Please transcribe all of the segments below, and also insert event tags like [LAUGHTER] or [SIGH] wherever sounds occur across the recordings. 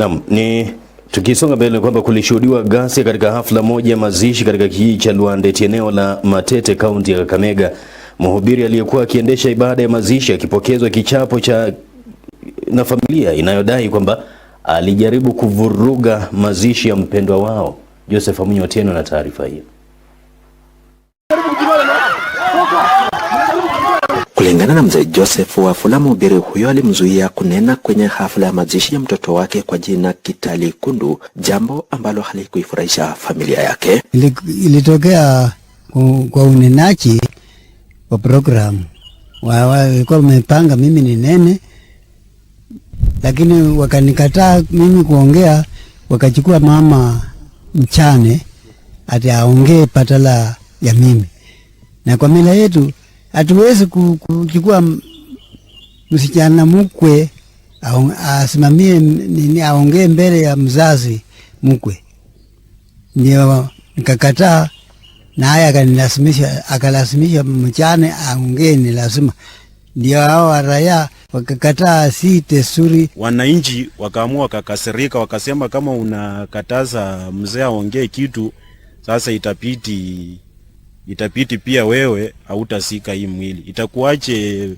Naam, ni tukisonga mbele kwamba kulishuhudiwa ghasia katika hafla moja ya mazishi katika kijiji cha Lwandeti eneo la Matete kaunti ya Kakamega. Mhubiri aliyekuwa akiendesha ibada ya mazishi akipokezwa kichapo cha na familia inayodai kwamba alijaribu kuvuruga mazishi ya mpendwa wao. Joseph Amunyo Otieno na taarifa hiyo. Kulingana na mzee Joseph Wafula, mhubiri huyo alimzuia kunena kwenye hafla ya mazishi ya mtoto wake kwa jina Kitali Kundu, jambo ambalo halikuifurahisha familia yake. Ilitokea kwa unenaji wa programu, walikuwa wamepanga mimi ninene, lakini wakanikataa mimi kuongea, wakachukua mama mchane ati aongee patala ya mimi, na kwa mila yetu hatuwezi kuchukua msichana mkwe asimamie nini, aongee mbele ya mzazi mkwe. Ndio nikakataa, naye akanilazimisha, akalazimisha mchane aongee, ni lazima ndio hao waraya wakakataa, si tesuri Wananchi wakaamua wakakasirika, wakasema kama unakataza mzee aongee kitu, sasa itapiti itapiti pia wewe hautasika hii mwili. itakuache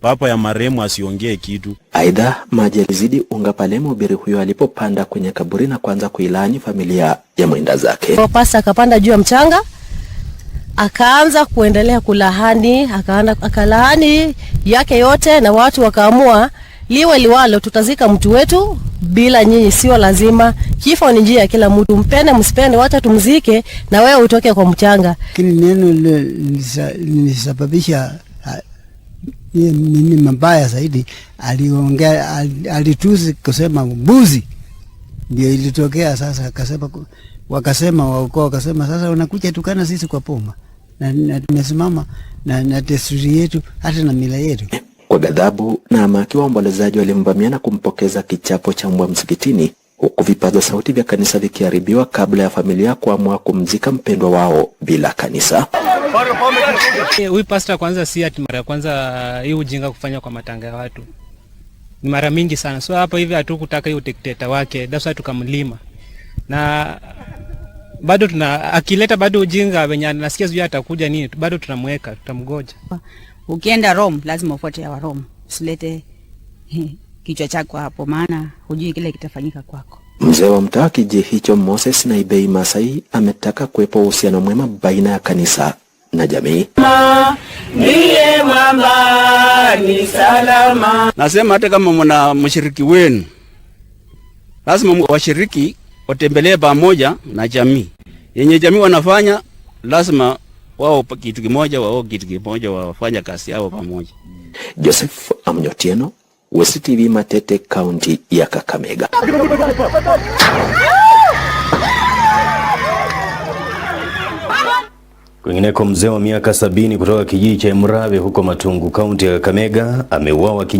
papa ya marehemu asiongee kitu? Aidha, maji alizidi unga pale mhubiri huyo alipopanda kwenye kaburi na kuanza kuilaani familia ya mwenda zake. Popasa akapanda juu ya mchanga akaanza kuendelea kulahani, akalahani yake yote, na watu wakaamua Liwe liwalo, tutazika mtu wetu bila nyinyi, sio lazima. Kifo ni njia ya kila mtu, mpende msipende, wacha tumzike na wewe utoke kwa mchanga. Lakini neno lilisababisha ah, nini mabaya zaidi, aliongea alituzi kusema mbuzi, ndio ilitokea sasa. Akasema wakasema waokoa, wakasema sasa unakuja tukana sisi kwa poma na tumesimama na, na, na desturi yetu hata na mila yetu. Kwa ghadhabu na amakiwa, waombolezaji walimvamia na kumpokeza kichapo cha mbwa msikitini, huku vipaza sauti vya kanisa vikiharibiwa kabla ya familia kuamua kumzika mpendwa wao bila kanisa. Eh, huyu pasta kwanza, si ati mara ya kwanza ah, hii ujinga kufanya kwa matanga ya watu, ni mara mingi sana. So hapa hivi hatukutaka hiyo dikteta wake, that's why tukamlima na bado tuna akileta bado ujinga wenye nasikia sijui atakuja nini, bado tunamweka, tutamgoja. Ukienda Rome lazima ufuate wa Rome, usilete [LAUGHS] kichwa chako hapo, maana hujui kile kitafanyika kwako. Mzee wa mtaa kijiji hicho Moses Naibei Masai ametaka kuwepo uhusiano mwema baina ya kanisa na jamii. Ndiye mwamba ni salama. Nasema hata kama mna mshiriki wenu, lazima washiriki watembelee pamoja na jamii yenye jamii wanafanya lazima wao kitu kimoja, wao kitu kimoja, wafanya kazi yao pamoja. Joseph Amnyotieno, West TV Matete, kaunti ya Kakamega. Kwingineko, mzee wa miaka sabini kutoka kijiji cha Imrave huko Matungu, kaunti ya Kakamega ameuawa.